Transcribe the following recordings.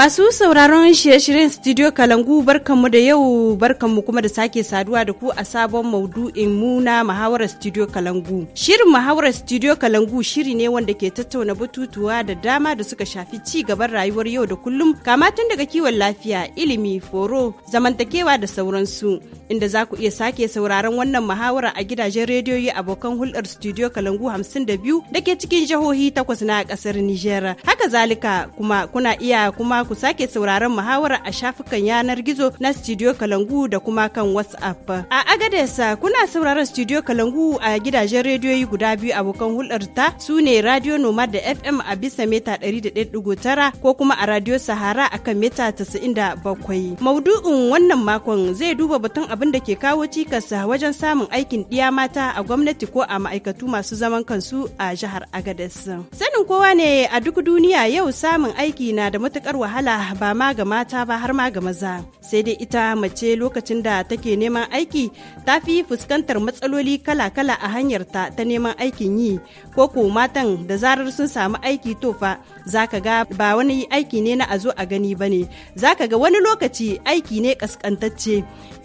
Masu sauraron shirye-shiryen Studio Kalangu barkanmu da yau barkanmu kuma da sake saduwa da ku a sabon maudu'in mu na Muhawarar Studio Kalangu. Shirin Muhawarar Studio Kalangu shiri ne wanda ke tattauna batutuwa da dama da suka shafi ci gaban rayuwar yau da kullum kama daga kiwon lafiya, ilimi, foro, zamantakewa da sauransu. Inda za ku iya sake sauraron wannan muhawara a gidajen rediyoyi abokan hulɗar Studio Kalangu hamsin da biyu ke cikin jihohi takwas na ƙasar Nijera. Haka zalika kuma kuna iya kuma ku sake sauraron muhawara a shafukan yanar gizo na Studio Kalangu da kuma kan WhatsApp. A Agadesa kuna sauraron Studio Kalangu a gidajen rediyoyi guda biyu abokan hulɗar ta su ne Radio Nomad da FM a bisa mita 100.9 ko kuma a Radio Sahara a kan mita 97. Maudu'in wannan makon zai duba batun abin da ke kawo cikasa wajen samun aikin ɗiya mata a gwamnati ko a ma'aikatu masu zaman kansu a jihar Agadez. Sanin kowa ne a duk duniya yau samun aiki na da matukar wahala wahala ba ma ga mata ba har ma ga maza sai dai ita mace lokacin da take neman aiki ta fi fuskantar matsaloli kala-kala a hanyar ta ta neman aikin yi ko ko matan da zarar sun samu aiki to fa zaka ga ba wani aiki ne na a zo a gani ba ne zaka ga wani lokaci aiki ne kaskantacce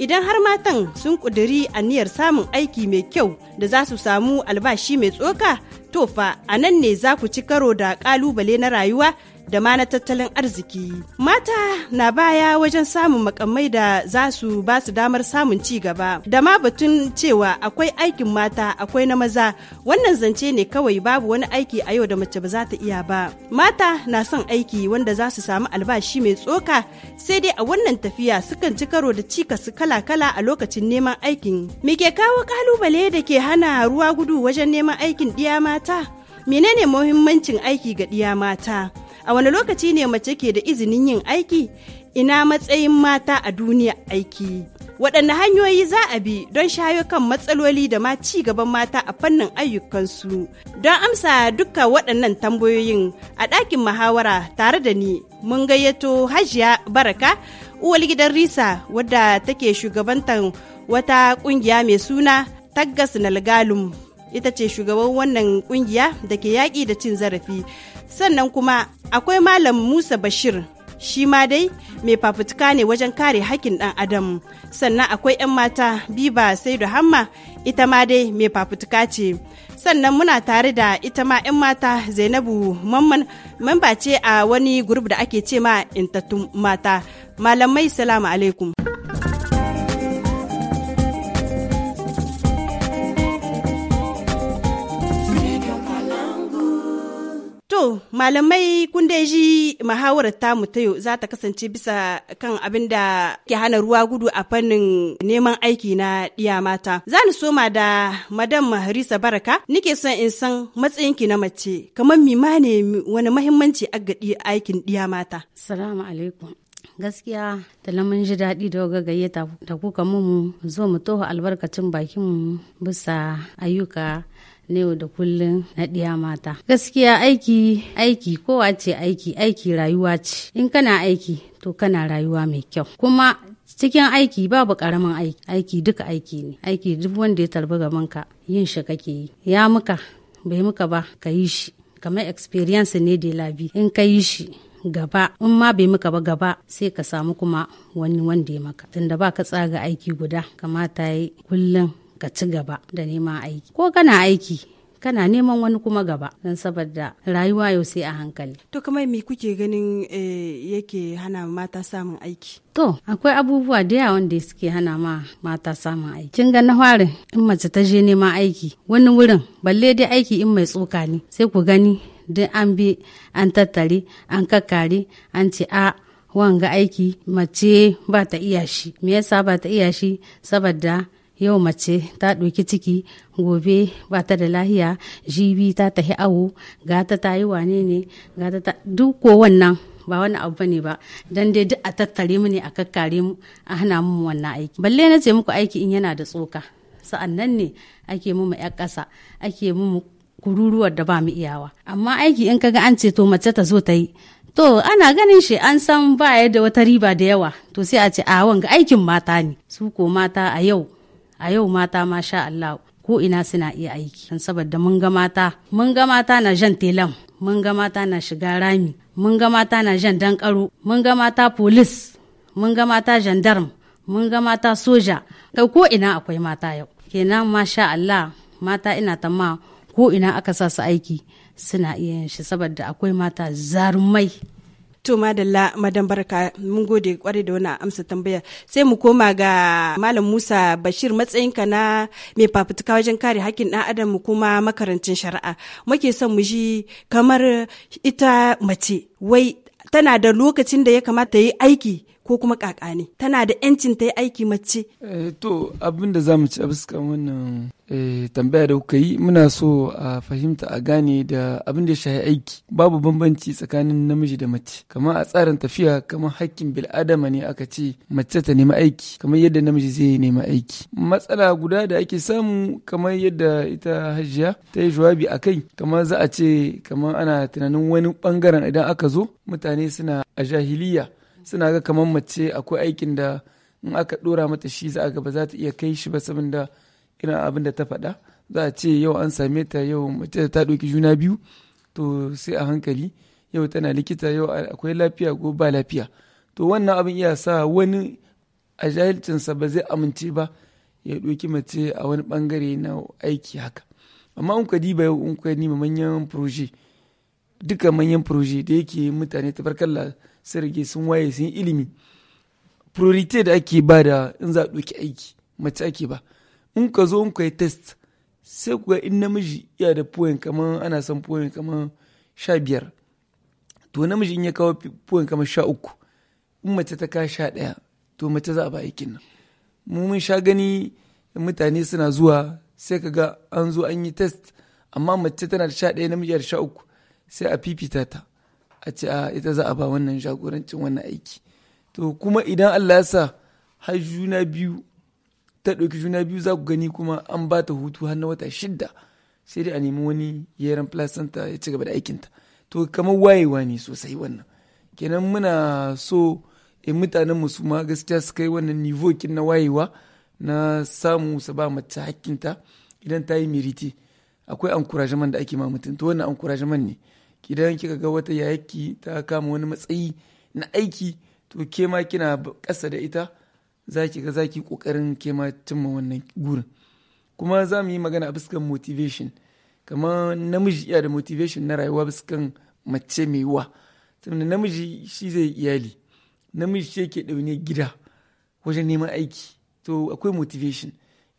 idan har matan sun ƙudiri aniyar samun aiki mai kyau da za su samu albashi mai tsoka tofa a nan ne za ku ci karo da kalubale na rayuwa da ma na tattalin arziki. Mata na baya wajen samun makamai da za su ba su damar samun ci gaba. Da ma batun cewa akwai aikin mata akwai na maza wannan zance ne kawai babu wani aiki a yau da mace ba za ta iya ba. Mata na son aiki wanda za su samu albashi mai tsoka sai dai a wannan tafiya sukan ci karo da cikas kala-kala a lokacin neman aikin. Me ke kawo kalubale da ke hana ruwa gudu wajen neman aikin ɗiya mata? menene muhimmancin aiki ga ɗiya mata a wani lokaci ne mace ke da izinin yin aiki ina matsayin mata a duniya aiki waɗanne hanyoyi za a bi don shayo kan matsaloli da ma ci gaban mata a fannin ayyukansu don amsa duka waɗannan tambayoyin a ɗakin muhawara tare da ni mun gayyato hajiya baraka uwar gidan risa wadda take shugabantar wata ƙungiya mai suna taggas nalgalum ita ce shugaban wannan kungiya da ke yaƙi da cin zarafi sannan kuma akwai malam musa bashir shi ma dai mai fafutuka ne wajen kare hakkin ɗan adam sannan akwai 'yan mata biba sai da hamma ita ma dai mai fafutuka ce sannan muna tare da ita ma 'yan mata zainabu mamman mamba ce a wani gurub da ake ce ma intattun mata malamai salamu alaikum malamai kun dai ji muhawarar ta mutayo za ta kasance bisa kan abin da ke hana ruwa gudu a fannin neman aiki na ɗiya mata. Za ni soma da madam Harisa Baraka, nike son in san matsayinki na mace, kamar mima ne wani mahimmanci a aikin ɗiya mata. Salamu alaikum. gaskiya da lamun ji daɗi da waga gayyata da kuka mu zo mu toho albarkacin bakin bisa ayyuka na yau da kullum na ɗiya mata. Gaskiya aiki, aiki kowa ce aiki, aiki rayuwa ce. In kana aiki, to kana rayuwa mai kyau. Kuma cikin aiki babu ƙaramin aiki, aiki duka aiki ne. Aiki duk wanda ya tarbi gabanka yin shi kake yi. Ya muka, bai muka ba, ka yi shi. Kamar experience ne da labi. In ka yi shi, gaba in ma bai muka ba gaba sai ka samu kuma wani wanda ya maka tunda ba ka tsaga aiki guda kamata ya yi kullum ka ci gaba da neman aiki ko kana aiki kana neman wani kuma gaba don saboda rayuwa yau sai a hankali. To kamar me kuke ganin eh, yake hana mata samun aiki? To akwai abubuwa da yawa wanda suke hana ma mata samun aiki. Kin ga na farin in mace ta je neman aiki wani wurin balle dai aiki in mai tsoka ne sai ku gani duk an bi an tattare an kakkare an ce a ah, wanga aiki mace ba ta iya shi me yasa ba ta iya shi saboda yau mace ta ɗauki ciki gobe ba ta da lahiya jibi ta tahi awo gata ta yi wane ne gata ta duk ko wannan ba wani abu bane ba dan dai duk a tattare mu ne a kakkare mu a hana mu wannan aiki balle na ce muku aiki in yana da tsoka sa'an nan ne ake mu mu 'yan ƙasa ake mu kururuwar da ba mu iyawa amma aiki in kaga an ce to mace ta zo ta yi to ana ganin shi an san ba da wata riba da yawa to sai a ce a wanga aikin mata ne su ko mata a yau a yau mata masha Allah ko ina suna iya aiki saboda mun ga mata mun ga mata na jan telam mun ga mata na shiga rami mun ga mata na jan dankaro mun ga mata polis mun ga mata gendarme mun ga mata soja kai ko ina akwai mata yau kenan masha Allah mata ina ta ma ko ina aka sa su aiki suna iya yin shi saboda akwai mata zarumai To madalla madan barka mun gode kwarai da wani amsa tambaya sai mu koma ga Malam Musa Bashir matsayinka na mai fafutuka wajen kare hakkin ɗan adam kuma makarancin shari'a muke son mu ji kamar ita mace wai tana da lokacin da ya kamata yi aiki ko kuma kaka ne tana da yancin ta yi aiki mace eh, to abin da za mu ci a wannan eh, tambaya da kuka yi muna so a fahimta a gane da abin da ya shahi aiki babu bambanci tsakanin namiji da mace kamar a tsarin tafiya kamar hakkin bil'adama ne aka ce mace ta nemi aiki kamar yadda namiji zai nemi aiki matsala guda da ake samu kamar yadda ita hajiya ta yi jawabi a kai kamar za a ce kamar ana tunanin wani bangaren idan aka zo mutane suna a jahiliya suna ga kamar mace akwai aikin da in aka dora mata shi za a ga ba za ta iya kai shi ba saboda irin abin da ta faɗa za a ce yau an same ta yau mace ta ɗauki juna biyu to sai a hankali yau tana likita yau akwai lafiya ko ba lafiya to wannan abin iya sa wani a jahilcinsa ba zai amince ba ya ɗauki mace a wani ɓangare na aiki haka amma in ka diba yau in ka nima manyan proje duka manyan proje da yake mutane tabarkalla sarge sun waye sun ilimi priority da ake ba da in za a ɗauki aiki mace ake ba in ka zo in ka yi test sai ku ga in namiji ya da poin kamar ana son poin kamar sha biyar to namiji in ya kawo poin kamar sha uku in mace ta kawo sha ɗaya to mace za a ba aikin nan mu mun sha gani mutane suna zuwa sai ka ga an zo an yi test amma mace tana da sha ɗaya namiji da sha uku sai a fifita ta a ce a ita za a ba wannan jagorancin wannan aiki to kuma idan Allah ya sa har juna biyu ta ɗauki juna biyu za ku gani kuma an ba ta hutu har na wata shidda sai dai a nemi wani yaren placenta ya ci gaba da aikinta to kamar wayewa ne sosai wannan kenan muna so in eh, mutanen mu su ma gaskiya su kai wannan nivokin na wayewa na samu su ba mace hakkinta idan ta yi miriti akwai ankurajaman da ake ma mutum to wannan ankurajaman ne idan kika ga wata yayaki ta kama wani matsayi na aiki to ke ma kina ƙasa da ita za ki ga za ki ƙoƙarin ke ma cimma wannan gurin kuma za mu yi magana a fuskan motivation kamar namiji iya da motivation na rayuwa fuskan mace mai wa saboda namiji shi zai iyali namiji shi ke ɗaune gida wajen neman aiki to akwai motivation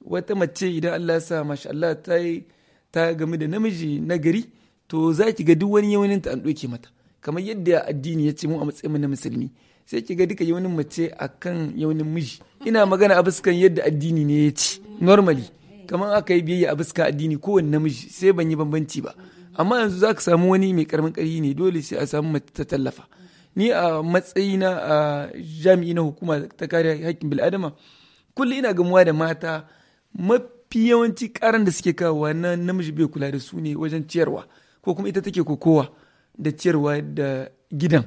wata mace idan Allah sa masha Allah ta yi ta game da namiji na gari to za ki ga duk wani yawanin ta an ɗauke mata kamar yadda addini ya ce mu a matsayin na musulmi sai ki ga duka yawanin mace akan yawanin miji ina magana a fuskan yadda addini ne ya ce normally kamar aka yi biyayya a fuskan addini kowane namiji sai ban yi bambanci ba amma yanzu za ka samu wani mai karamin ƙarfi ne dole sai a samu mace ta tallafa ni a matsayina a jami'i na hukuma ta kare haƙƙin bil'adama kullum ina gamuwa da mata mafi yawanci karan da suke kawo na namiji bai kula da su ne wajen ciyarwa ko kuma ita take kokowa da ciyarwa da gidan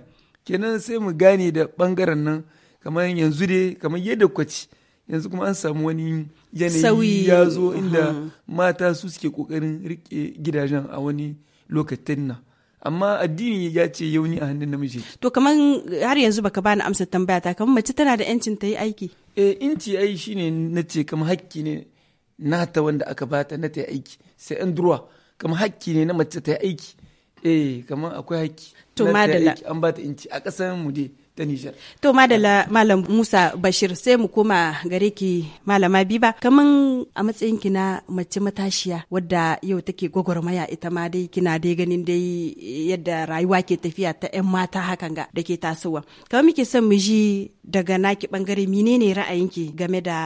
kenan sai mu gane da bangaren nan kamar yanzu dai kamar yadda kwaci yanzu kuma an samu wani yanayi ya zo inda uh-huh. mata su suke kokarin rike gidajen a wani lokacin nan amma addini ya ce yauni a hannun namiji to kamar har yanzu baka bani amsa tambaya ta kamar mace tana da yancin ta yi aiki eh inci ai shine na ce kamar hakki ne nata wanda aka bata na ta yi aiki sai an durwa kamar hakki ne na mace ta yi aiki eh kamar akwai hakki to madalla an ba ta inci a ƙasar mu dai ta Nijar. To madalla Malam Musa Bashir sai mu koma gare ki Malama Biba kaman a matsayin ki na mace matashiya wadda yau take gwagwarmaya ita ma dai kina dai ganin dai yadda rayuwa ke tafiya ta ƴan mata hakan ga da ke tasowa. Kamar muke son mu ji daga naki bangare menene ra'ayinki game da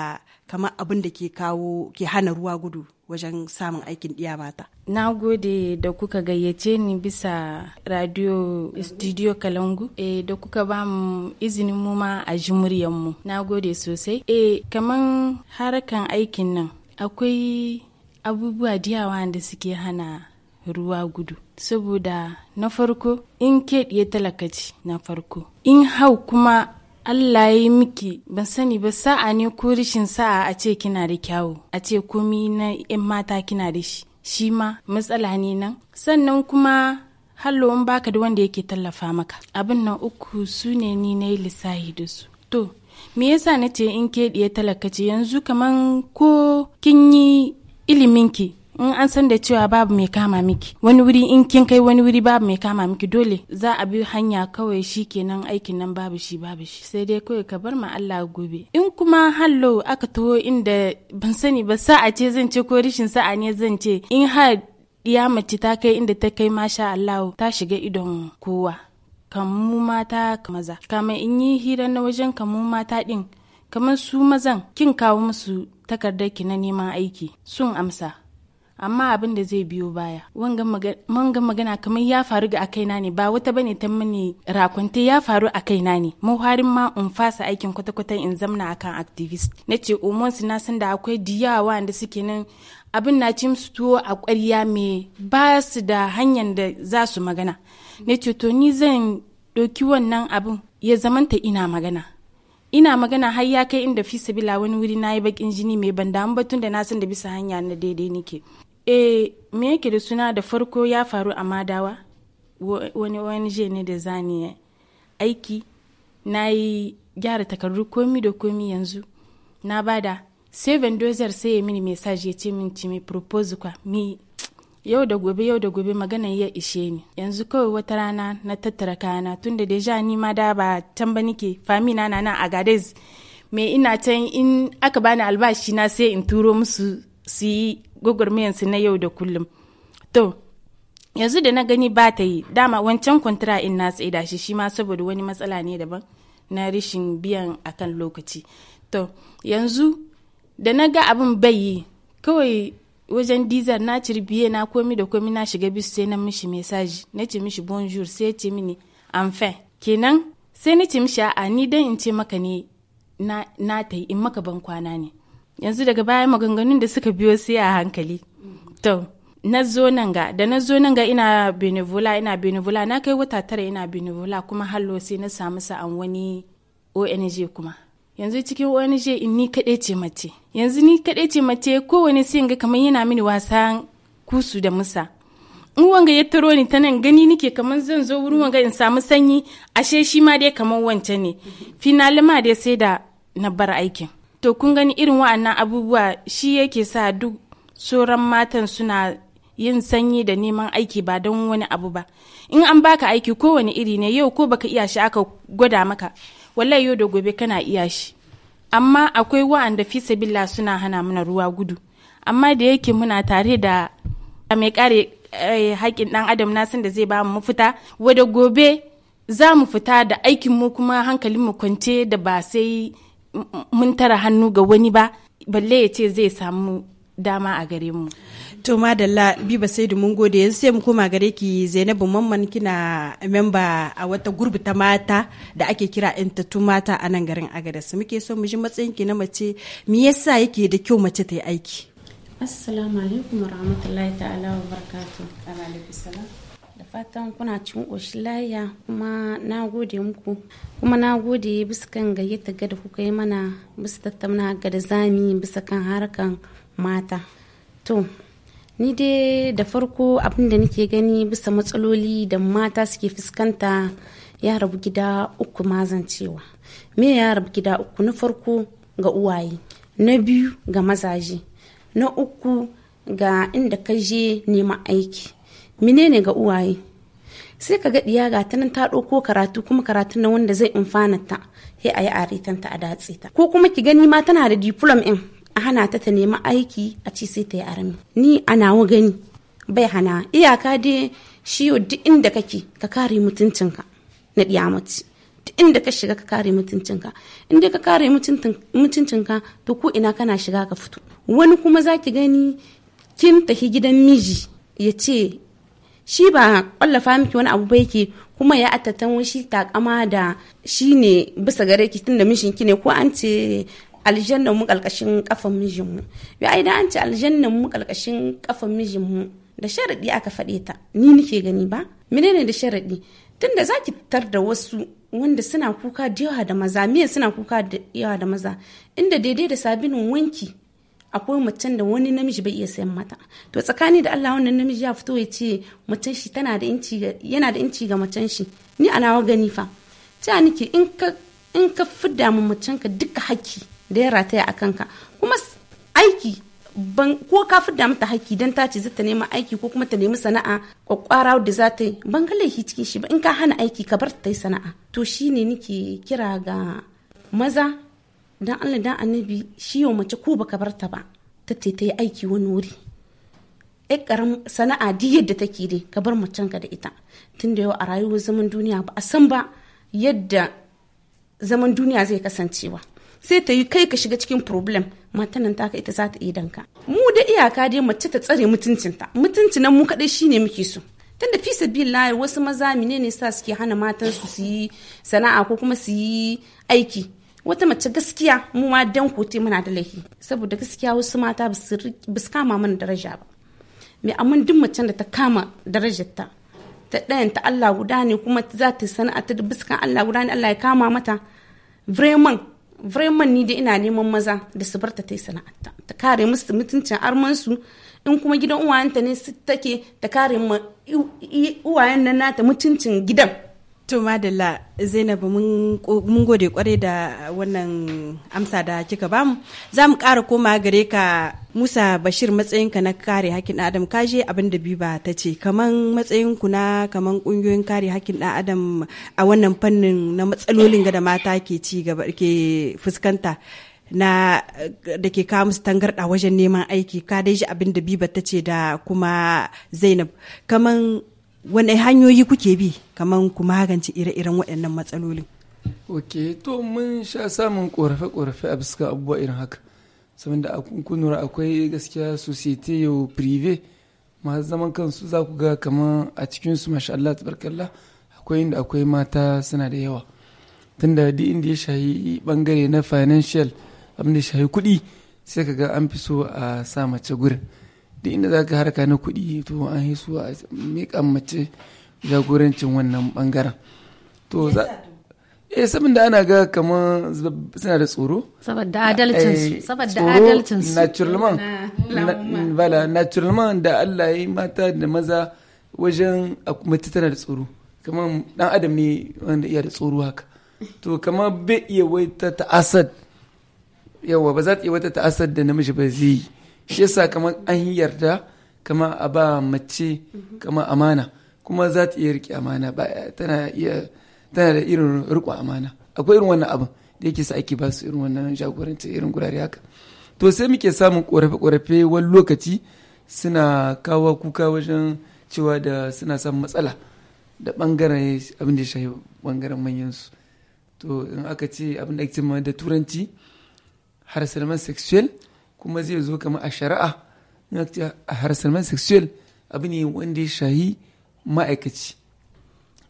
kamar abin da ke kawo ke hana ruwa gudu wajen samun aikin ɗiya mata. Na gode da kuka gayyace ni bisa radio studio Kalangu e, da kuka ba mu izinin mu ma a ji mu Na gode sosai. E, kaman harakan aikin nan akwai abubuwa diyawa da suke hana ruwa gudu. Saboda na farko in ke talakaci na farko. In hau kuma Allah ya yi miki ban sani ba sa'a ne ko rishin sa'a a ce kina da kyawu a ce komi na 'yan mata kina da shi shi ma matsala ne nan sannan kuma hallowin baka da wanda yake tallafa maka abin nan uku su ne ni na yi lissahi da su to me yasa na ce in ke ɗiye talakaci yanzu kaman ko kin yi iliminki in an san da cewa babu mai kama miki wani wuri in kin kai wani wuri babu mai kama miki dole za a bi hanya kawai shi kenan aikin nan babu shi babu shi sai dai kawai ka bar ma Allah gobe in kuma hallo aka taho inda ban sani ba sa'a ce zan ce ko rishin sa'a ne zan ce in har ya mace ta kai inda ta kai masha Allah ta shiga idon kowa kamu mata maza kamar in yi hira na wajen kamu mata din kamar su mazan kin kawo musu takardar ki na neman aiki sun amsa amma abin da zai biyo baya wanga magana kamar ya faru ga akaina ne ba wata bane ta mini rakunte ya faru a kaina ne mu harin ma in fasa aikin kwata-kwata in zamna akan activist na ce oh, na san da akwai diyawa wanda suke nan abin na ci su tuwo a ƙwarya mai. ba su da hanyar da za su magana na ce to ni zan ɗauki wannan abin ya zamanta ina magana ina magana har ya kai inda fi sabila wani wuri na yi bakin jini mai ban damu batun da na san da bisa hanya na daidai nike. e eh, me yake da suna da farko ya faru a madawa wani wani ne da zani aiki na yi gyara takardu komi da komi yanzu na bada seven dozer sai ya mini message ya ce min ci mai propose kwa mi yau da gobe yau da gobe magana ya ishe ni yanzu kawai wata rana na tattara kayana tunda deja ni ma da ba can ba nike famina na nan a gadez me ina can in aka bani albashi na sai in turo musu su yi su na yau da kullum to yanzu da na gani ba ta yi dama wancan kwantara in na tsaida shi shi ma saboda wani matsala ne daban na rishin biyan akan lokaci to yanzu da na ga abin bai yi kawai wajen dizar na cirbiye na komi da komi na shiga bisu sai na mishi mesaji na ce mishi bonjour sai ce mini enfin kenan sai na ce mishi a ni dan in ce maka ne na, na ta in maka ban kwana ne yanzu daga baya maganganun da suka biyo sai a hankali to na zo nan ga da na zo nan ga ina benevola ina benevola na kai wata tara ina benevola kuma hallo sai na samu sa'an wani ong kuma yanzu cikin wani je in ni kaɗai ce mace yanzu ni kaɗai ce mace kowane sai ga kamar yana mini wasa kusu da musa in wanga ya taro ni ta nan gani nike kamar zan zo wurin wanga in samu sanyi ashe shi ma dai kamar wancan ne finali ma dai sai da na bar aikin to kun gani irin wa'annan abubuwa shi yake sa duk sauran matan suna yin sanyi da neman aiki ba don wani abu ba in an baka aiki kowane iri ne yau ko baka iya shi aka gwada maka wallahi yau da gobe kana iya shi amma akwai wa'anda fi sabilla suna hana mana ruwa gudu amma da yake muna tare da A mai kare eh, haƙƙin ɗan adam nasan da zai ba mu mafita wadda gobe za mu fita da aikin mu kuma hankalin mu kwance da ba sai mun tara hannu ga wani ba balle ya ce zai samu dama a gare mu. To madalla biba sai mun gode yanzu sai mu koma gare ki Zainabu Mamman kina memba a wata gurbi ta mata da ake kira intatu mata a nan garin Agadas. Muke so mu ji matsayin ki na mace me yasa yake da kyau mace ta yi aiki? Assalamu alaikum wa rahmatullahi ta'ala wa barakatuh. Alaikum salam. Da fatan kuna cikin oshilaya kuma na gode muku kuma na gode bisa kan gayyata ga da kuka yi mana bisa tattauna ga da zami bisa kan harkan mata to ni dai da farko abin da nake gani bisa matsaloli da mata suke fuskanta ya rabu gida uku mazancewa me ya rabu gida uku na farko ga uwaye na biyu ga mazaje na uku ga inda ka je neman aiki menene ga uwaye sai ka ga ya ta nan ta ɗauko karatu kuma karatu na wanda zai amfana ta sai a yi aretanta a datse ta ko kuma ki gani ma tana da diplom in a hana ta ta nemi aiki a ci sai ta yi arami ni ana wa gani bai hana iyaka dai shi yau duk inda kake ka kare mutuncinka na diyamaci duk inda ka shiga ka kare mutuncinka inda ka kare mutuncinka to ko ina kana shiga ka fito wani kuma za ki gani kin tafi gidan miji ya ce shi ba kwallafa miki wani abu bai ke kuma ya attatan shi takama da shi ne bisa gare ki tun da mishinki ne ko an ce aljanna mu kalkashin kafan mijinmu bi ai da an ce aljanna mu kalkashin kafan mu da sharadi aka faɗe ta ni nake gani ba menene da sharadi tunda zaki tar da wasu wanda suna kuka da yawa da maza miya suna kuka da yawa da maza inda daidai da sabinin wanki akwai mutum da wani namiji bai iya sayan mata to tsakani da Allah wannan namiji ya fito ya ce macen shi tana da inci yana da inci ga macen shi ni alawa gani fa ta nake in ka in ka fidda mu macen ka duka haki da ya rataya a kanka kuma aiki ban ko ka fi da mata haƙƙi dan ta ce za ta nema aiki ko kuma ta nemi sana'a kwakwara da za ta yi ban ga laifi cikin shi ba in ka hana aiki ka bar ta yi sana'a to shi shine nake kira ga maza dan Allah dan annabi shi yau mace ko baka bar ta ba ta ce ta yi aiki wani wuri ai karam sana'a di yadda take dai ka bar macen ka da ita tun da yau a rayuwar zaman duniya ba a san ba yadda zaman duniya zai kasancewa sai ta yi kai ka shiga cikin problem matanan taka ita za ta yi danka mu da iyaka dai mace ta tsare mutuncinta mutunci nan mu kaɗai shine muke so tunda fi sabilillahi wasu maza mine ne sa suke hana matan su yi sana'a ko kuma su yi aiki wata mace gaskiya mu ma dan kote muna da laifi saboda gaskiya wasu mata ba su kama mana daraja ba me amin duk macen da ta kama darajar ta ɗayan ta Allah guda ne kuma za ta sana'a ta biskan Allah guda ne Allah ya kama mata vraiment Vraiment ni da ina neman maza da su barta ta yi sana'arta. Ta kare musu mutuncin armansu in kuma gidan uwayenta ne take ta kare ma uwayen nan nata mutuncin gidan. To Madalla Zainabu mun gode kwarai da wannan amsa da kika bamu. Za mu ƙara koma gare ka Musa Bashir matsayinka na kare hakkin ɗan Adam kaje abin da Biba ta ce kaman matsayinku na kaman ƙungiyoyin kare hakkin ɗan Adam a wannan fannin na matsalolin da mata ke ci gaba ke fuskanta. na da ke kawo musu tangarɗa wajen neman aiki ka dai abin da biba ta ce da kuma zainab kaman wane hanyoyi kuke bi kamar ku magance ire-iren waɗannan matsaloli. ok to mun sha samun korafe-korafe a bisa abubuwa irin haka saboda a kunkunura akwai gaskiya societe yau prive masu zaman kansu za ku ga kamar a cikinsu masha Allah tabarkallah akwai inda akwai mata suna da yawa tunda duk inda ya shahi bangare na financial abinda ya shahi kuɗi sai ka ga an fi so a sa mace gurin duk inda za ka harka na kuɗi to an yi suwa a miƙa mace jagorancin wannan ɓangaren to za eh saboda ana ga kamar suna da tsoro saboda adalcin eh, saboda adalcin su naturalman bala naturalman da Allah ya yi mata da maza wajen mace tana da tsoro kamar dan adam ne wanda iya da tsoro haka to kamar bai iya wata ta'asad yawa ba za ta iya wata ta'asad da namiji ba zai yi shi yasa kamar an yarda kama a ba mace kama amana kuma za ta iya riƙe amana ba tana da irin riƙo amana akwai irin wannan abin da yake sa ake ba su irin wannan jagoranci irin gurare haka to sai muke samun ƙorafe-ƙorafe wani lokaci suna kawo kuka wajen cewa da suna samun matsala da bangaren abin da ya shafi bangaren su to in aka ce abin da ake cewa da turanci harsalman sexual kuma zai zo kamar a shari'a a harassment sexual abu ne wanda ya shahi ma'aikaci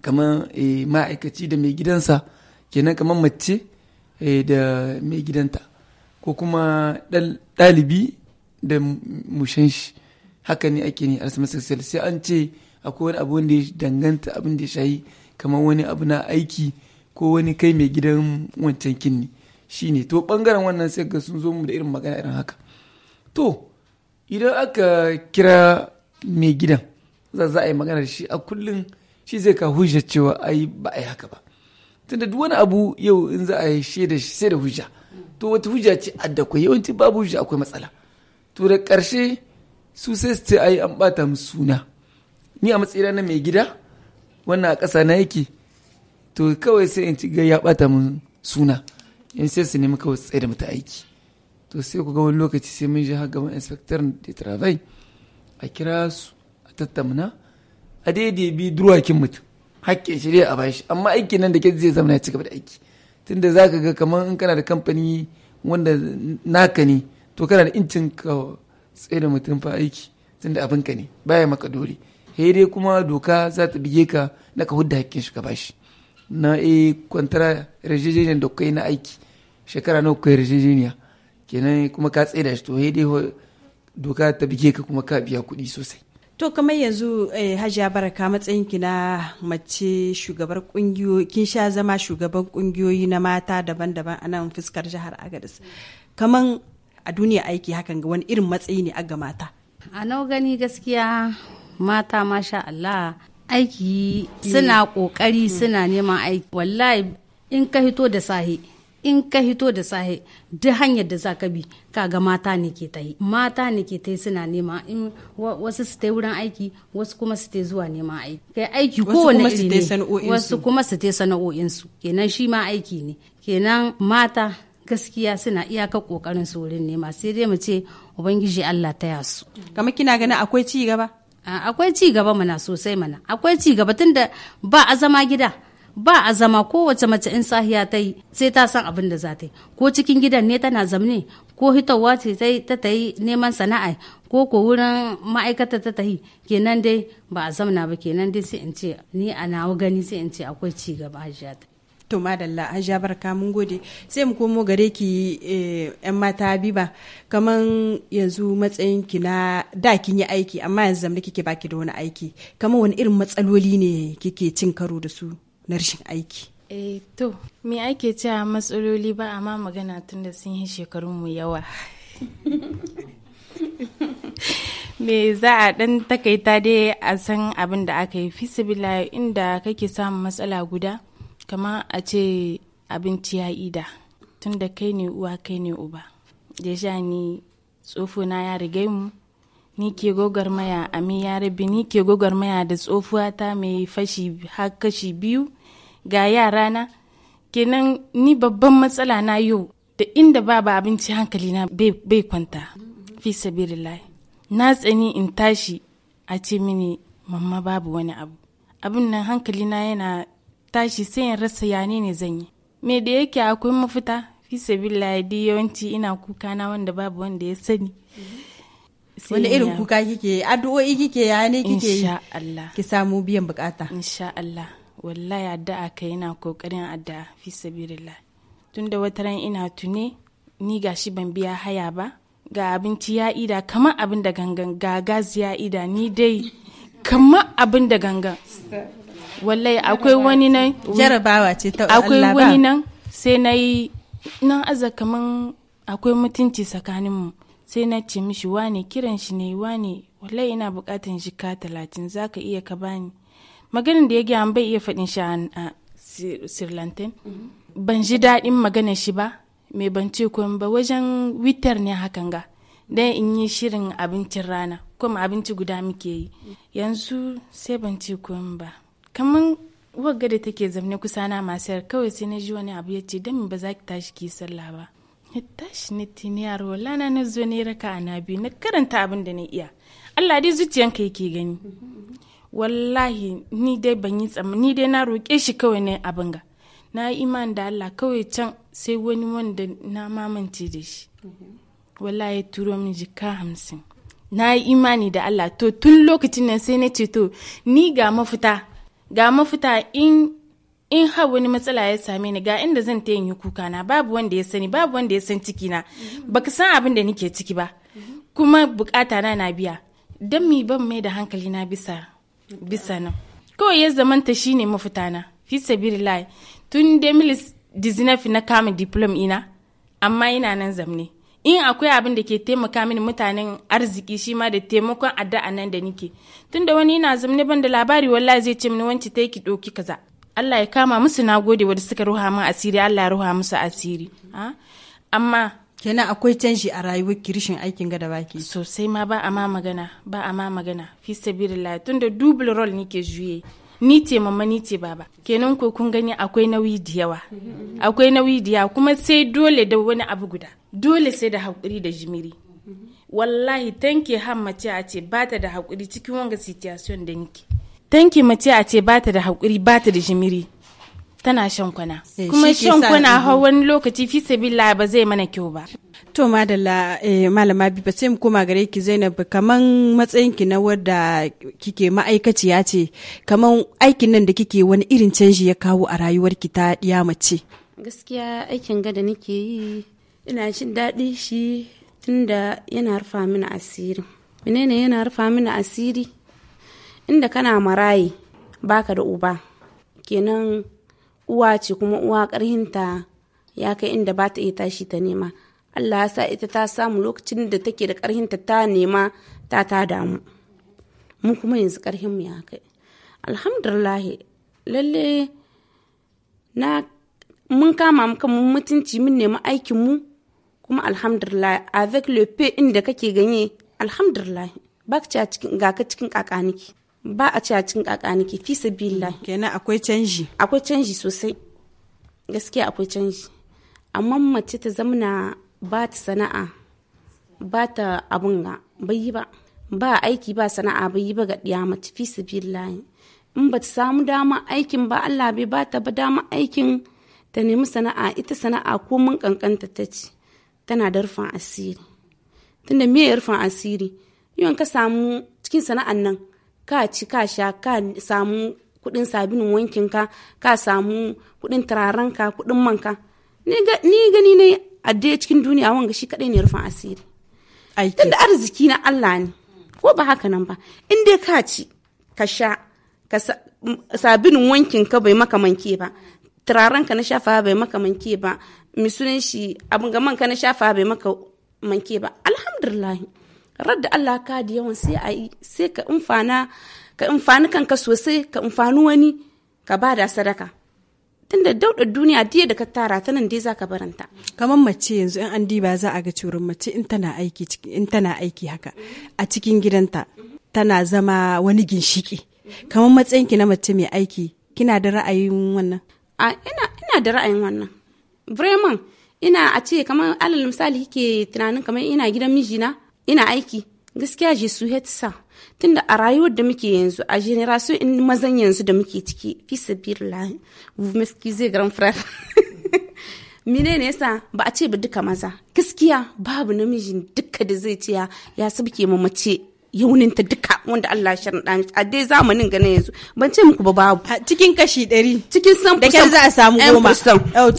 kamar eh, ma'aikaci da mai gidansa kenan kamar mace eh, da mai gidanta ko kuma ɗalibi da mushen shi haka ne ake ne harassment sexual sai an ce akwai wani abu wanda ya danganta abin da ya shahi kamar wani abu na aiki ko wani kai mai gidan wancan kinni shi ne to bangaren wannan sai ga sun zo mu da irin magana irin haka to idan aka kira mai gidan za a yi magana da shi a kullum shi zai ka hujja cewa ai ba a yi haka ba tunda duk wani abu yau in za a yi shaida shi sai da hujja to wata hujja ce adda kwai yawanci babu hujja akwai matsala to da ƙarshe su sai su ce ai an bata musu suna ni a matsayina na mai gida wannan a ƙasa na yake to kawai sai in ci ga ya bata mu suna in sai su nemi kawai tsaye da mata aiki to sai ku ga wani lokaci sai mun ji har gaban inspector da travail a kira su a tattauna a daidai bi durwakin mutum hakkin shi dai a bashi amma aikin nan da ke zai zama ya ci gaba da aiki tunda za ka ga kamar in kana da kamfani wanda naka ne to kana da incin ka tsaye da mutum fa aiki tunda abin ka ne baya maka dole he dai kuma doka za ta bige ka na ka hudda hakkin shi ka bashi na eh kwantara yarjejeniyar da kai na aiki shekara nawa kai yarjejeniya kenan kuma ka da shi to dai doka ta bige ka kuma ka biya kuɗi sosai to kamar yanzu eh, hajiya baraka matsayin ki na mace shugabar kungiyoyi kin sha zama shugaban kungiyoyi na mata daban-daban a nan fuskar jihar agadis kamar a duniya aiki hakan ga wani irin matsayi ne aga mata a nau gani gaskiya mata masha Allah aiki suna kokari eh. suna neman aiki wallahi in ka hito da sahi in ka hito da sahe duk hanyar da za ka bi kaga mata ne ke ta yi mata ne ke ta yi suna nema in wasu su ta wurin aiki wasu kuma su ta zuwa nema aiki kai aiki kowane iri ne wasu kuma su ta sana'o'insu kenan shi ma aiki ne kenan mata gaskiya suna iyaka kokarin su wurin nema sai dai mu ce ubangiji Allah ta yasu kamar kina gani akwai ci gaba akwai ci gaba mana sosai mana akwai ci gaba tunda ba a zama gida ba a zama kowace mace in sahiya ta yi sai ta san abin da za ta yi ko cikin gidan ne tana zamne ko hitowa ce ta ta yi neman sana'a ko ko wurin ma'aikata ta ta yi kenan dai ba a zamna ba kenan dai sai in ce ni a nawa gani sai in ce akwai ci gaba hajiya ta to madalla hajiya barka mun gode sai mu komo gare ki yan eh, mata habiba kaman yanzu matsayin ki na da kin yi aiki amma yanzu zamne kike baki da wani aiki kaman wani irin matsaloli ne kike cin karo da su na rashin aiki eh to me ake a matsaloli ba amma magana tun da sun yi shekarun mu yawa me za a dan takaita dai a san abin da aka yi fi inda kake samun matsala guda kama a ce abinci ya ida tun da kai ne uwa kai ne uba da sha ni tsofona ya rigai mu ni ke gogarmaya a mi yarabi ni ke gogarmaya da tsofuwata mai fashi har kashi biyu ga yarana kenan ni babban matsala na yau da inda babu abinci hankali na bai kwanta fi sabilillahi na tsani in tashi a ce mini mamma babu wani abu abin nan hankali na yana tashi sai in rasa yane ne zan yi me da yake akwai mafita fi sabilillahi yawanci ina kuka na wanda babu wanda ya sani wani irin kuka kike addu'o'i kike ya ne kike yi ki samu biyan bukata insha Allah wallahi addu'a kai yana kokarin addu'a fi sabilillah tunda wata ran ina tune ni gashi ban biya haya ba ga abinci ya ida kamar abin da gangan ga gas ya ida ni dai kamar abin da gangan wallahi akwai wani nan jarabawa ce ta akwai wani nan sai na yi nan aza kaman akwai mutunci tsakaninmu sai na ce mishi wane kiran shi ne wane wallahi ina bukatan jika talatin za ka iya ka bani maganin da ya gaya bai iya faɗin shi a sirlantin mhm. ban ji daɗin maganar shi ba mai ban ce ba wajen witar ne hakan ga dan in yi shirin abincin rana kuma abinci guda muke yi mhm. yanzu sai ban ce ba kamar wagga da take zamne kusa na masu kawai sai na ji wani abu ya ce dan ba za ki tashi ki sallah ba ya tashi na tiniyar wala na na zo ne raka a na biyu na karanta abin da na iya Allah dai zuciyanka yake gani wallahi ni dai ban yi tsammani ni dai na roƙe shi kawai ne abin ga na yi iman da Allah kawai can sai wani wanda na mamance da shi wallahi turo min jika hamsin na yi imani da Allah to tun lokacin nan sai na ce to ni ga mafita ga mafita in in har wani matsala ya same ni ga inda zan ta yi kuka na babu wanda ya sani babu wanda ya san ciki na baka san abin da nake ciki ba kuma bukata na na biya dan mi ban mai da hankali na bisa bisa nan kawai ya zamanta shine mafita na fi sabilillah tun da 2019 na kama diplom ina amma ina nan zamne in akwai abin da ke taimaka mini mutanen arziki shi ma da taimakon addu'a nan da nike tunda wani ina zamne ban da labari wallahi zai ce mini wanci ta ki ɗauki kaza Allah ya kama musu na gode wadda suka ruha min asiri Allah ya ruha musu asiri amma kenan akwai canji a rayuwar kirishin aikin gada baki sosai ma ba a ma magana ba a ma magana fi sabilillah tunda double role ke juye ni ce mamma ni ce baba kenan ko kun gani akwai nauyi da yawa akwai nauyi da yawa kuma sai dole da wani abu guda dole sai da hakuri da jimiri wallahi tanke hammace a ce bata da hakuri cikin wanga situation da nike tanki mace a ce bata da hakuri bata da jimiri tana shan kwana eh, kuma shan kwana har wani lokaci fi sabila ba zai mana kyau ba to madalla eh, malama bi sai mu koma gare ki Zainab kaman matsayin ki na wadda kike ma'aikaciya ce kaman aikin nan da kike wani irin canji ya kawo a rayuwar ki ta ya mace gaskiya aikin gada nake yi ina jin daɗi shi tunda yana rufa mini asiri menene yana rufa mini asiri inda kana maraye baka da uba kenan uwa ce kuma uwa karhinta ya kai inda ba ta iya tashi ta nema allah ya sa ita ta samu lokacin da take da karhinta ta nema ta ta damu mu kuma yanzu karhinmu ya kai alhamdulillah lalle na mun kama mu mun mutunci mun nemi aikin mu kuma alhamdulillah avec le pe inda kake ganye alhamdulillah ba ka cikin ga ka cikin kakaniki ba a ci a cikin kakaniki fi sabila mm, kenan akwai canji akwai canji sosai gaskiya akwai canji amma mace ta zamana ba ta sana'a ba ta abun ga bai ba ba aiki ba sana'a bai yi ba ga ɗiya mace fi sabila in ba ta samu dama aikin ba Allah bai ba ta ba dama aikin ta nemi sana'a ita sana'a ko mun kankanta ta ce tana da rufin asiri tunda me rufin asiri yau ka samu cikin sana'an nan ka ci ka sha ka samu kudin sabinin wankin ka ka samu kudin turaren ka kudin manka ni gani ne a cikin duniya wanga shi kadai ne rufin asiri da arziki na Allah ne ko ba haka nan ba in dai ka ci ka sha ka sabinin wankin ka bai maka manke ba turaren ka na shafa bai maka manke ba misunan shi abin ga man ka na shafa bai maka manke ba alhamdulillah radda Allah ka da yawan sai a yi sai ka amfana ka amfani kanka sosai ka amfani wani ka ba da sadaka tunda daudar duniya diya da ka tara ta nan dai za ka baranta kamar mace yanzu in an diba za a ga curin mace in tana aiki in tana aiki haka a cikin gidanta tana zama wani ginshiki kamar matsayinki na mace mai aiki kina da ra'ayin wannan a ina ina da ra'ayin wannan vraiment ina a ce kamar alal misali kike tunanin kamar ina gidan mijina ina aiki gaskiya je su hetsa tunda a rayuwar da muke yanzu a generation in mazan yanzu da muke ciki fi sabilillah vous m'excusez grand frère mine ne yasa ba a ce ba duka maza gaskiya babu namijin duka da zai ce ya sabke ma mace yauninta duka wanda Allah ya sharɗa a dai zamanin ganin yanzu ban ce muku ba babu cikin kashi ɗari cikin san da kyan za a samu goma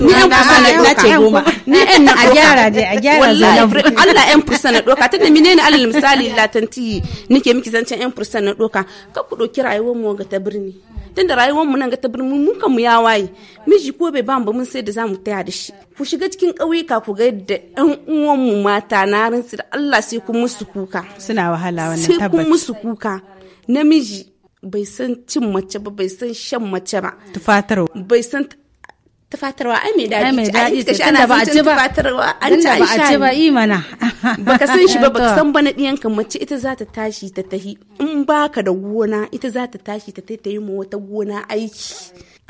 ni yan kusa na ɗoka ni yan na a gyara dai a gyara zanen Allah yan kusa na ɗoka tunda mine ni alal misali latanti nike miki zancen yan kusa na ɗoka ka ku ɗauki rayuwar mu ga ta birni tunda rayuwar mu nan ga ta birni mun kan mu ya waye miji ko bai ba mu ba mun sai da mu taya da shi ku shiga cikin ƙauyuka ku ga yadda yan uwan mu mata na rinsu da Allah sai ku musu kuka suna wahala wannan sai kun musu kuka namiji bai san cin mace ba bai san shan mace ba tufatarwa bai san tufatarwa ai mai daɗi mai daɗi ce ana ba a ci ba tufatarwa an ci ba a ci ba imana baka san shi ba baka san ba na kan mace ita za ta tashi ta tahi in baka da gona ita za ta tashi ta ta yi ma wata gona aiki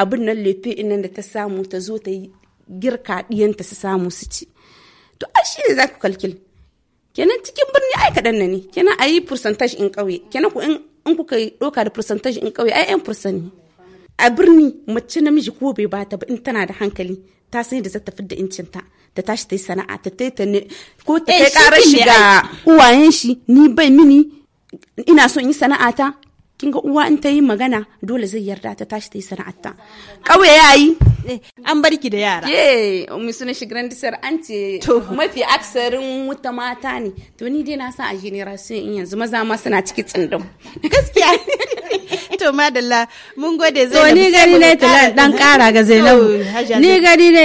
abin nan lefe nan da ta samu ta zo ta yi girka ɗiyanta su samu su ci to ai shi ne za ku kalkil kenan cikin birni ai kaɗan na ne kenan a yi percentage in ƙauye kenan ku in kuka yi ɗoka da percentage in ƙauye ai 'yan ne a birni mace namiji ko bai bata ba in tana da hankali ta san yadda za ta fidda incinta ta tashi ta yi sana'a ta ta ne ko ta eh, kai ƙarar shiga uwayen shi ni bai mini ina so in yi sana'a ta kin ga uwa in ta yi magana dole zai yarda ta tashi ta yi sana'arta ƙauye yi eh, an bar ki da yara ye mu suna shigiran disar an ce mafi aksarin wuta mata ne to ni dai na sa a generation in yanzu maza ma suna ciki tsindin gaskiya to madalla mun gode Zainab. ni gani ne talan dan kara ga Zainabu. Ni gani ne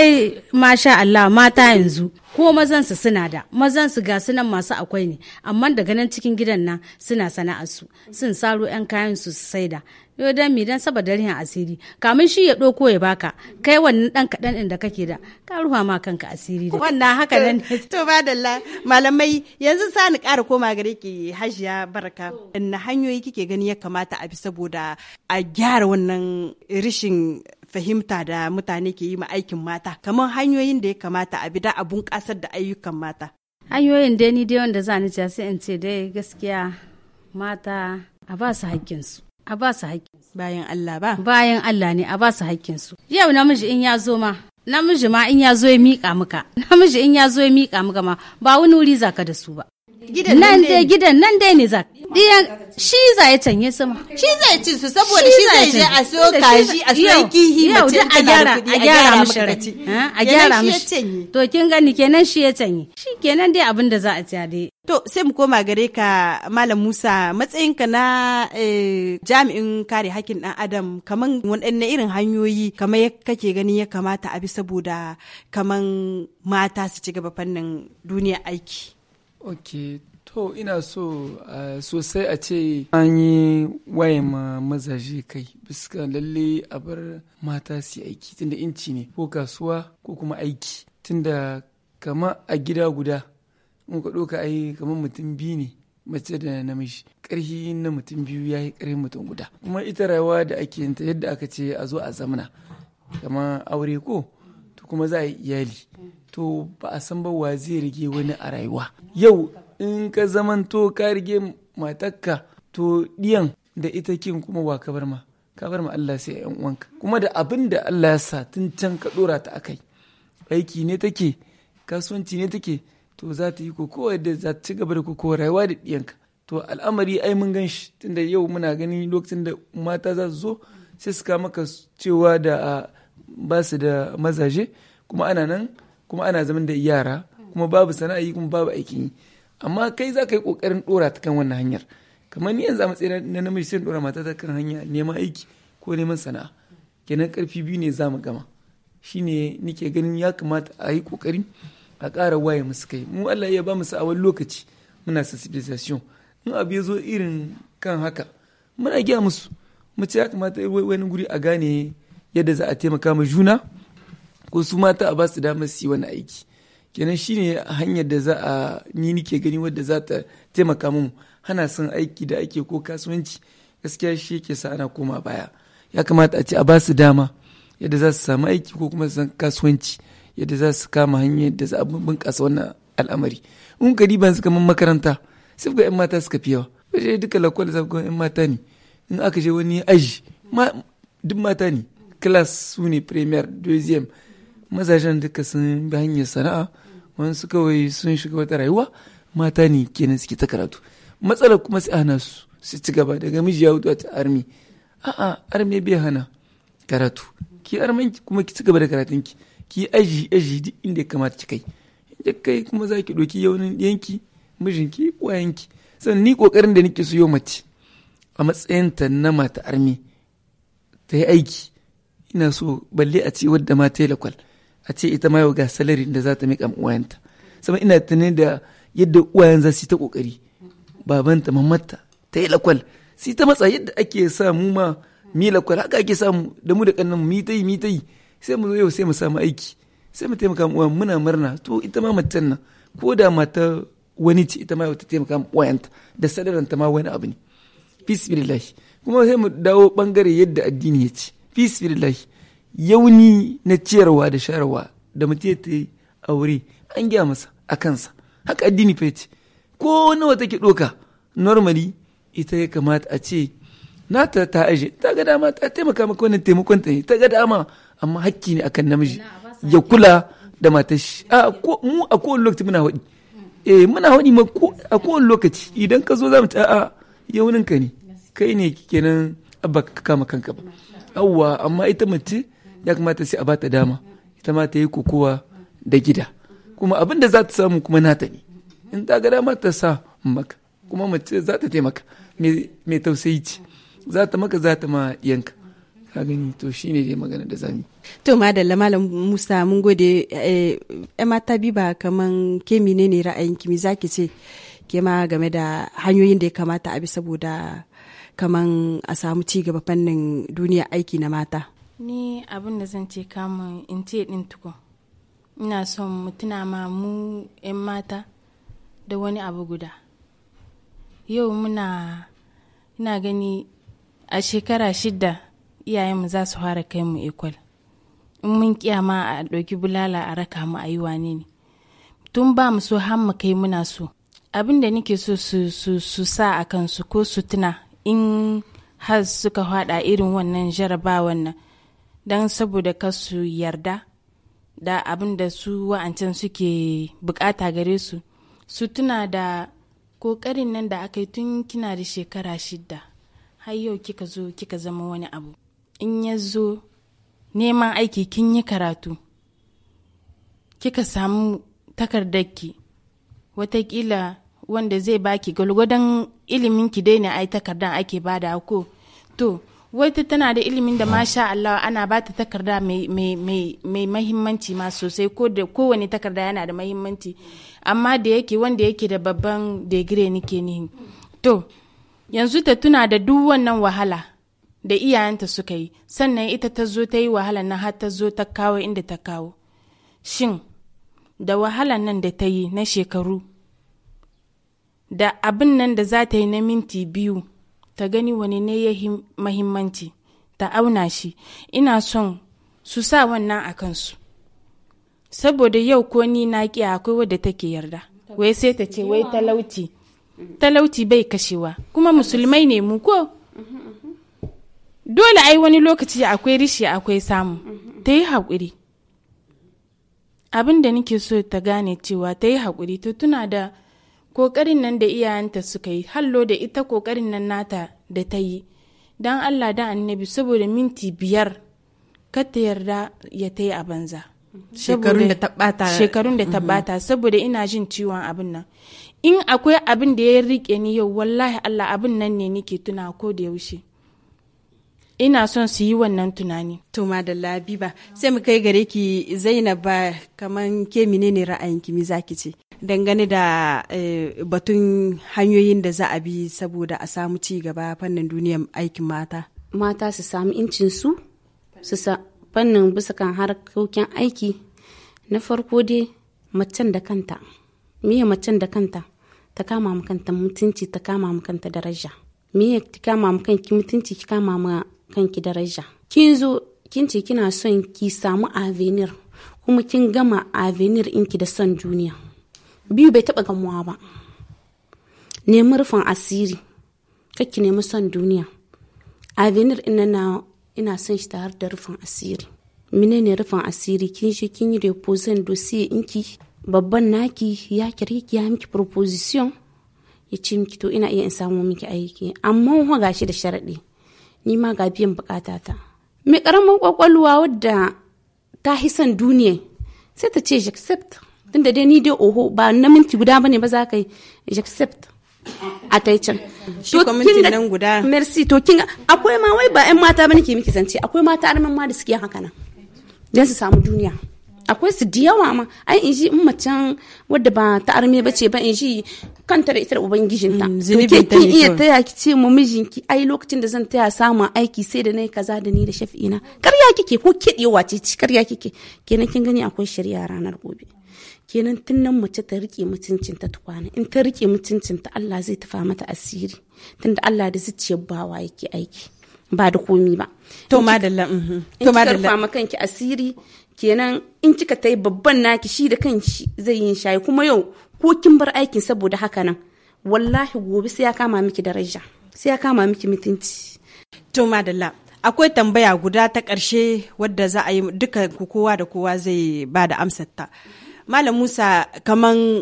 masha Allah mata yanzu. ko mazan su suna da mazan su ga sunan masu akwai ne amma daga nan cikin gidan nan suna sana'arsu sun saro 'yan kayan su saida yau dan mi dan saboda rihin asiri kamun shi ya doko ya baka kai wannan dan kadan din da kake da ka ruwa ma kanka asiri da wannan haka nan to badalla malamai yanzu sa ni ƙara koma gare ki hajiya baraka inna hanyoyi kike gani ya kamata a bi saboda a gyara wannan rishin fahimta da mutane ke yi ma aikin mata kamar hanyoyin da ya kamata a bi da a bunƙasar da ayyukan mata hanyoyin dai ni dai wanda za ni sai in ce dai gaskiya mata a ba su hakkinsu a ba su haƙƙi bayan Allah ba bayan Allah ne a ba su haƙƙinsu. su yau namiji in ya zo ma namiji ma in ya zo ya miƙa muka. namiji in ya zo ya miƙa muka ma ba wani wuri zaka da su ba nan dai gidan nan dai ne za diyan shi za ya canye sama shi zai ci su saboda shi zai je a so kaji a so kihi mace a gyara a gyara mishi a gyara mishi to kin gani kenan shi ya canye shi kenan dai abin da za a ciya dai To sai mu koma gare ka Malam Musa matsayinka na eh, jami'in kare hakkin ɗan adam kaman waɗanne irin hanyoyi kamar kake gani ya kamata a bi saboda kaman mata su ci gaba fannin duniya aiki. ok to ina so eh, sosai a ce an yi waye ma mazaje kai bisa lalle a bar mata su aiki tunda inci ne ko kasuwa ko kuma aiki tunda kama a gida guda in ka ɗauka ai kama mutum biyu ne mace da namiji ƙarfi na mutum biyu ya yi ƙarfin mutum guda kuma ita rayuwa da ake yanta yadda aka ce a zo a zamana kama aure ko to kuma za a yi iyali to ba a san ba wa zai rige wani a rayuwa yau in ka zaman to ka rige matakka to diyan da ita kin kuma wa ka bar ma ka bar ma Allah sai yan uwanka kuma da abin da Allah ya sa tun can ka dora ta akai aiki ne take kasuwanci ne take to za ta yi ko da za ta ci gaba da kokowa rayuwa da diyanka to al'amari ai mun gan shi tunda yau muna ganin lokacin da mata za su zo sai su maka cewa da ah, ba su da mazaje kuma ana nan kuma ana zaman da yara kuma babu sana'a kuma babu aikin yi amma kai za ka yi kokarin dora ta kan wannan hanyar kamar ni yanzu a matsayin na namiji sai dora mata ta kan hanya neman aiki ko neman sana'a kenan karfi biyu ne za mu gama shine nike ganin ya kamata a yi kokari a ƙara waye musu kai mu Allah ya ba mu sa'awar lokaci muna sensibilisation in abu ya zo irin kan haka muna gaya musu mu ce ya kamata wani guri a gane yadda za a taimaka ma juna ko su mata a ba su damar su yi wani aiki kenan shine hanyar da za a ni nike gani wadda za ta taimaka mun hana son aiki da ake ko kasuwanci gaskiya shi yake sa ana koma baya ya kamata a ce a ba su dama yadda za su samu aiki ko kuma san kasuwanci yadda za su kama hanyar da za a bunƙasa wannan al'amari in ka ban su kamar makaranta sai ga 'yan mata suka fi yawa wajen duka lakwal za ga 'yan mata ne in aka je wani aji duk mata ne class su ne premier deuxième mazajen duka sun bi hanyar sana'a wasu kawai sun shiga wata rayuwa mata ne kenan suke ta karatu matsalar kuma sai hana su su ci gaba daga miji ya wuce armi a'a armi bai hana karatu ki arman kuma ki ci gaba da karatun ki ki aji aji duk inda ya kamata ki kai inda kai kuma za ki ɗauki yaunin ɗiyanki mijinki wayanki sannan ni ƙoƙarin da nake so yau mace a matsayinta na mata armi ta yi aiki ina so balle a ce wadda ma ta lakwal a ce ita ma ga salari da za ta miƙa uwayenta sama ina tunanin da yadda uwayen za su ta kokari babanta mamata ta yi lakwal sai ta matsa yadda ake sa mu ma mi lakwal haka ake samu da mu da kannan mi ta yi mi ta yi sai mu zo yau sai mu samu aiki sai mu taimaka mu uwayen muna murna to ita ma macen nan ko da mata wani ce ita ma ta taimaka mu uwayenta da ta ma wani abu ne fisbillah kuma sai mu dawo bangare yadda addini ya ce fisbillah yauni na ciyarwa da shayarwa da mutum ta yi aure an gya masa a kansa haka addini fa ce ko nawa take doka normally ita ya kamata a ce nata ta aje ta ga dama ta taimaka maka wannan taimakon ta ta ga dama amma hakki ne akan namiji ya kula da matar shi a mu a kowane lokaci muna hodi mm. eh muna hodi ma a kowane lokaci idan ka zo za mu ta a yaunin ka ne kai ne kenan abba ka kama kanka ba awwa amma ita mace ya kamata sai a bata dama ita ma ta yi kokowa da gida kuma abin da za ta samu kuma nata ne in ta ga dama ta sa maka kuma mace za ta taimaka mai tausayi ce za ta maka za ta ma yanka ka gani to shine dai magana da zami to madalla malam musa mun gode eh mata bi ba kaman ke menene ra'ayinki me zaki ce ke ma game da hanyoyin da ya kamata a bi saboda kaman a samu ci gaba fannin duniya aiki na mata ni abin da zan ce kama in ce din tukun ina son mu ma mu 'yan mata da wani abu guda yau muna ina gani a shekara shida iyayenmu za su fara kai mu ikwal in mun kiyama a ɗauki bulala a raka mu a yi wane ne tun ba mu so har mu kai muna so abin da nake so su, sa a kansu ko su tuna in har suka faɗa irin wannan jarabawan nan don saboda kasu yarda da abin da su wa'ancan suke bukata gare su su tuna da kokarin nan da aka yi tun kina da shekara shida har yau kika zo kika zama wani abu in ya zo neman aiki kin yi karatu kika samu takardarki watakila wanda zai baki gwalgwadon iliminki dai ne ai takardar ake bada ko to wai ta tana da ilimin da masha Allah ana ba ta takarda mai mahimmanci ma sosai ko da kowane takarda yana da mahimmanci amma da yake wanda yake da babban degree nike ni to yanzu ta tuna da duk wannan wahala da iyayenta suka yi sannan ita ta zo ta yi wahala na har ta zo ta kawo inda ta kawo shin da wahalan nan da ta yi na shekaru da abin nan da za ta yi na minti biyu ta gani wani ne ya mahimmanci ta auna shi ina son su sa wannan a kansu saboda yau ko ni na ki akwai wadda take yarda wai sai ta ce wai talauci talauci bai kashewa kuma musulmai ne mu ko dole ai wani lokaci akwai rishi akwai samu ta yi haƙuri abin da nake so ta gane cewa ta yi haƙuri to tuna da kokarin nan da iyayenta suka yi hallo da ita kokarin nan nata da ta yi don allah da annabi saboda minti biyar ta yarda ya ta yi a banza shekarun da ta shekarun mhm. saboda ina jin ciwon abin nan in akwai abin da ya rike ni yau wallahi allah abin nan ne nike tuna ko da yaushe ina son su yi wannan tunani. To Madalla Biba, sai mu kai gare ki Zainab ba kaman ke menene ra'ayinki mi zaki ce? dangane da eh, batun hanyoyin da za a bi saboda a samu ci gaba fannin duniyar aikin mata mata su samu incinsu su fannin bisa kan harkokin aiki na farko dai macen da kanta miye macen da kanta ta kama mu kanta mutunci ta kama mu kanta daraja miye ki kama mu kanki mutunci ki kama mu kanki daraja kin zo kin ce kina son ki samu avenir kuma kin gama avenir inki da son duniya biyu bai taɓa gamuwa ba nemi rufin asiri kakki nemi son duniya avenir ina na ina son shi har da rufin asiri mine ne rufin asiri kin shi kin yi reposen dosiye inki babban naki ya kire ki ya miki proposition ya ce miki to ina iya in samu miki aiki amma wa gashi da sharaɗi ni ma ga biyan bukatata mai karamin kwakwalwa wadda ta hisan duniya sai ta ce accept tunda dai ni dai oho ba na minti guda bane ba za ka yi accept a ta can. Shi kwamitin nan guda. Merci to kin akwai ma wai ba 'yan mata bane ke miki zance akwai mata arman ma da suke haka nan. dan su samu duniya. Akwai su da yawa ma ai in ji in macen wadda ba ta arme ba ce ba in ji kanta da ita da ubangijinta. Mm, to ke kin iya taya ki ce mu mijinki ai lokacin da zan taya samun aiki sai da nayi kaza da ni da shafi'ina. Karya kike ko kiɗewa ce karya kike kenan kin gani akwai shari'a ranar gobe. kenan tun nan mace ta rike mutuncinta tukwana in ta rike mutuncinta Allah zai tafa mata asiri tunda Allah da zuciyar bawa yake aiki ba da komi ba to madalla mhm. to madalla in kanki asiri kenan in kika tai babban naki shi da kanshi zai yin shayi kuma yau ko kin bar aikin saboda haka nan wallahi gobe sai ya kama miki daraja sai ya kama miki mutunci to madalla akwai tambaya guda ta ƙarshe wadda za a yi duka kowa da kowa zai ba da amsar ta Malam Musa kaman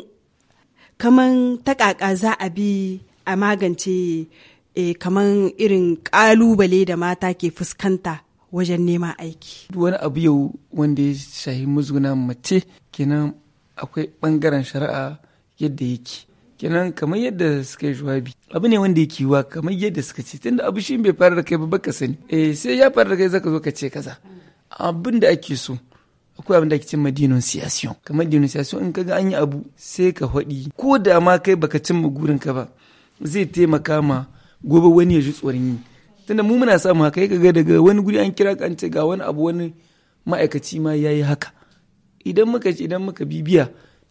kaman takaka za a bi a magance e, kaman irin kalubale da mata ke fuskanta wajen neman aiki. Wani abu yau wanda ya shahi muzguna mace kenan akwai bangaren shari'a yadda yake. kenan kamar yadda suka yi shuwabi abu ne wanda yake wa kamar yadda suka ce tunda abu shi bai fara da kai ba baka sani eh sai ya fara da kai zaka zo ka ce kaza abin da ake so akwai abin da ake cimma denunciation kamar denunciation in kaga an yi abu sai ka faɗi ko da ma kai baka cimma gurin ka ba zai taimaka ma gobe wani ya ji tsoron yi tunda mu muna samu haka ya kaga daga wani guri an kira ka an ce ga wani abu wani ma'aikaci ma ya yi haka idan muka idan muka bibiya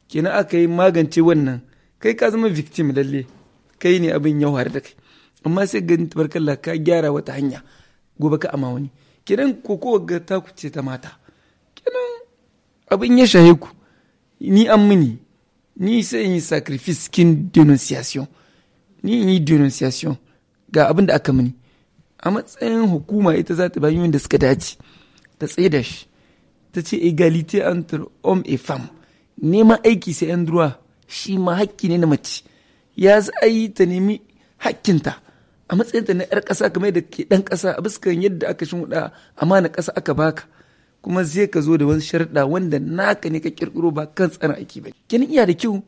kenan aka yi magance wannan kai ka zama victim lalle kai ne abin ya da kai amma sai ga tabarkalla ka gyara wata hanya gobe ka ama wani kenan koko ga ta kuce ta mata abin ya shahe ku ni an mini ni sai in yi sacrifice kin denunciation ni in yi denunciation ga abin da aka mini a matsayin hukuma ita za ta bayan da suka dace ta da shi ta ce egalite entre homme et femme neman aiki sai yan duruwa shi ma hakki ne na mace ya zai ta nemi hakkinta a matsayin na yar ƙasa kamar da ke ɗan ƙasa a biskan yadda aka amma amana ƙasa aka baka kuma zai ka zo da wani sharɗa wanda naka ne ka kirkiro ba kan tsara aiki ba kenan iya da kyau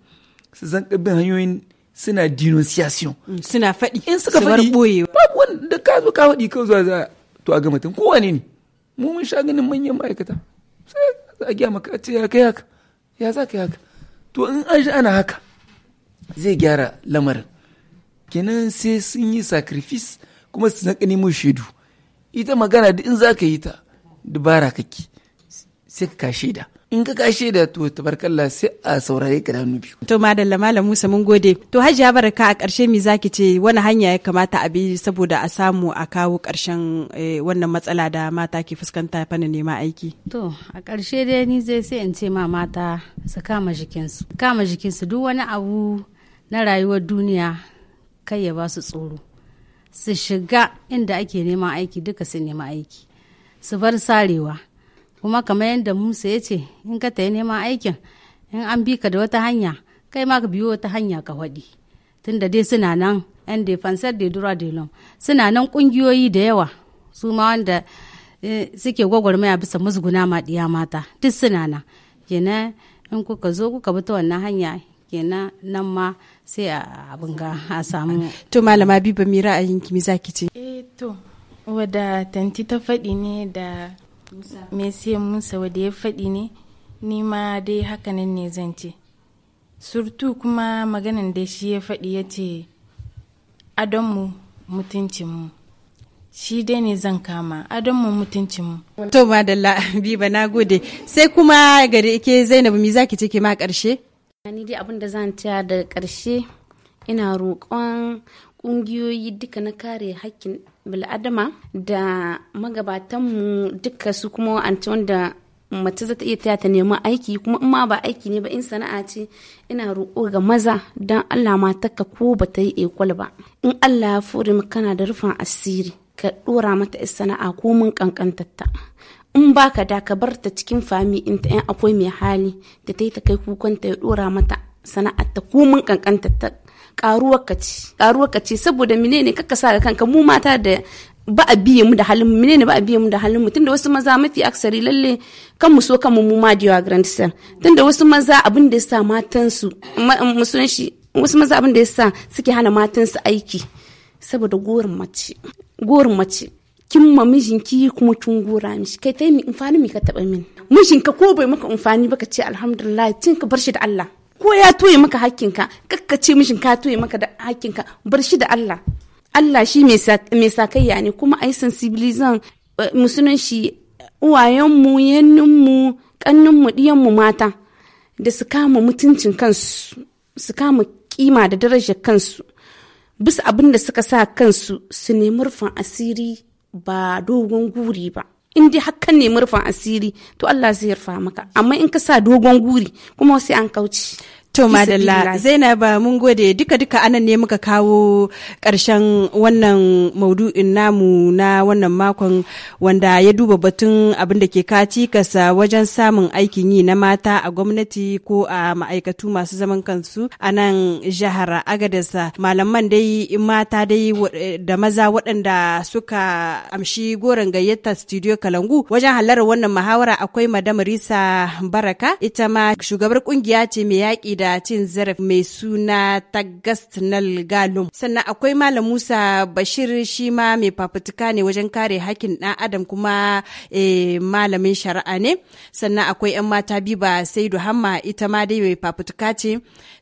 su zan bin hanyoyin suna denunciation mm, suna faɗi in suka faɗi boyewa babu wanda ka zo ka faɗi kawai zuwa za to a ga mutum kowane ne mu mun sha ganin manyan ma'aikata sai a gya maka ce ya kai haka ya za ka yi haka to in an ji ana haka zai gyara lamarin kenan sai sun yi sacrifice kuma su zan nemo shaidu ita magana da in za ka yi ta dubara kake sai ka kashe da in ka kashe da to tabarkalla sai a saurare ka da biyu to madalla malam Musa mun gode to hajiya baraka a ƙarshe me zaki ce wani hanya ya kamata a bi saboda a samu a kawo ƙarshen eh, wannan matsala da mata ke fuskanta fannin neman aiki to a ƙarshe dai ni zai sai in ce ma mata su kama jikinsu kama jikinsu duk wani abu na rayuwar duniya kai ya ba su tsoro su shiga inda ake neman aiki duka su nema aiki su bar sarewa kuma kamar yadda musa ya ce in ka tayi neman aikin in an bi ka da wata hanya kai ma ka biyo wata hanya ka waɗi tunda dai suna nan yan defensor de droit de l'homme suna nan ƙungiyoyi da yawa su ma wanda eh, suke gwagwarmaya bisa musguna ma ɗiya mata duk suna nan kenan in kuka zo kuka bi ta wannan hanya kenan nan ma sai a abin ga a samu to malama biba mi ra'ayin kimi zaki ce eh to wadda tanti ta faɗi ne da messi musa wadda ya faɗi ne ni ma dai hakanan ne zan ce surtu kuma maganan da shi ya faɗi ya ce adonmu mutuncinmu shi dai ne zan kama adonmu mutuncinmu to madalla biba na gode sai kuma gare ke zainabu mi zaki cike ma ƙarshe ni dai da zan taya da ƙarshe ina roƙon ƙungiyoyi duka na kare hakkin bil'adama da magabatanmu duka su kuma wa'anci wanda mace za ta iya taya ta neman aiki kuma in ma ba aiki ne ba in sana'a ce ina roƙo ga maza don Allah matarka ko ba ta yi ekwal ba in Allah ya fure maka kana da rufin asiri ka ɗora mata sana'a ko mun kankantatta in baka da ka bar ta cikin fami in ta yan akwai mai hali da ta yi ta kai kukan ya ɗora mata sana'a ta ko mun kankantatta karuwar ka ce karuwar ce saboda menene kakka sa ga kanka mu mata da ba a biye mu da halin mu ne ba a biye mu da halin mu tunda wasu maza mafi aksari lalle kan mu so kan mu ma diwa yawa grand sir tunda wasu maza abin da yasa matan su musun shi wasu maza abin da yasa suke hana matan su aiki saboda gorin mace gorin mace kin ma mijin ki kuma kin gora mishi kai tai mi amfani mi ka taba min ka ko bai maka amfani ba ka ce alhamdulillah tun ka bar shi da Allah ko ya toye maka hakkinka kakkace mishin ka toye maka da hakkinka bar shi da Allah Allah shi mai sakayya ne kuma ai sensibilizan eh, musulun shi uwayenmu mu kanninmu mu mata da su kama mutuncin kansu su kama kima da daraja kansu bisa abin da suka sa kansu su nemi rufin asiri ba dogon guri ba in dai hakan ne murfin asiri to Allah zai rufa maka amma in ka sa dogon guri kuma sai an kauce To madalla Zainaba mun gode duka-duka anan ne muka kawo ƙarshen wannan maudu'in namu na wannan makon wanda ya duba batun abin da ke kaci kasa wajen samun aikin yi na mata a gwamnati ko a ma'aikatu masu zaman kansu a nan jihar Agadasa. Malaman dai mata dai da maza waɗanda suka amshi goron gayyata studio Kalangu wajen halarar wannan muhawara akwai Madam Risa Baraka ita ma shugabar kungiya ce mai yaƙi da da cin zarafi mai suna Tagastinal Galum. Sannan akwai Malam Musa Bashir shi ma mai fafutuka ne wajen kare hakkin ɗan Adam kuma eh, malamin shari'a ne. Sannan akwai 'yan mata Biba Saidu Hamma ita ma dai mai fafutuka ce.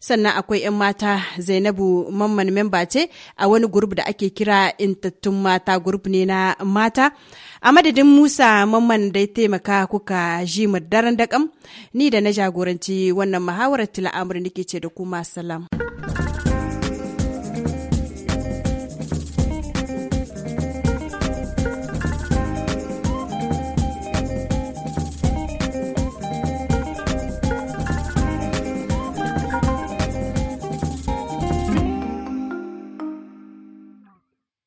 Sannan akwai 'yan mata Zainabu Mamman memba ce a wani grup da ake kira intattun mata grup ne na mata. A madadin Musa Mamman da ya taimaka kuka ji daren dakam, ni da na jagoranci wannan muhawarar tila nake ce da kuma salam.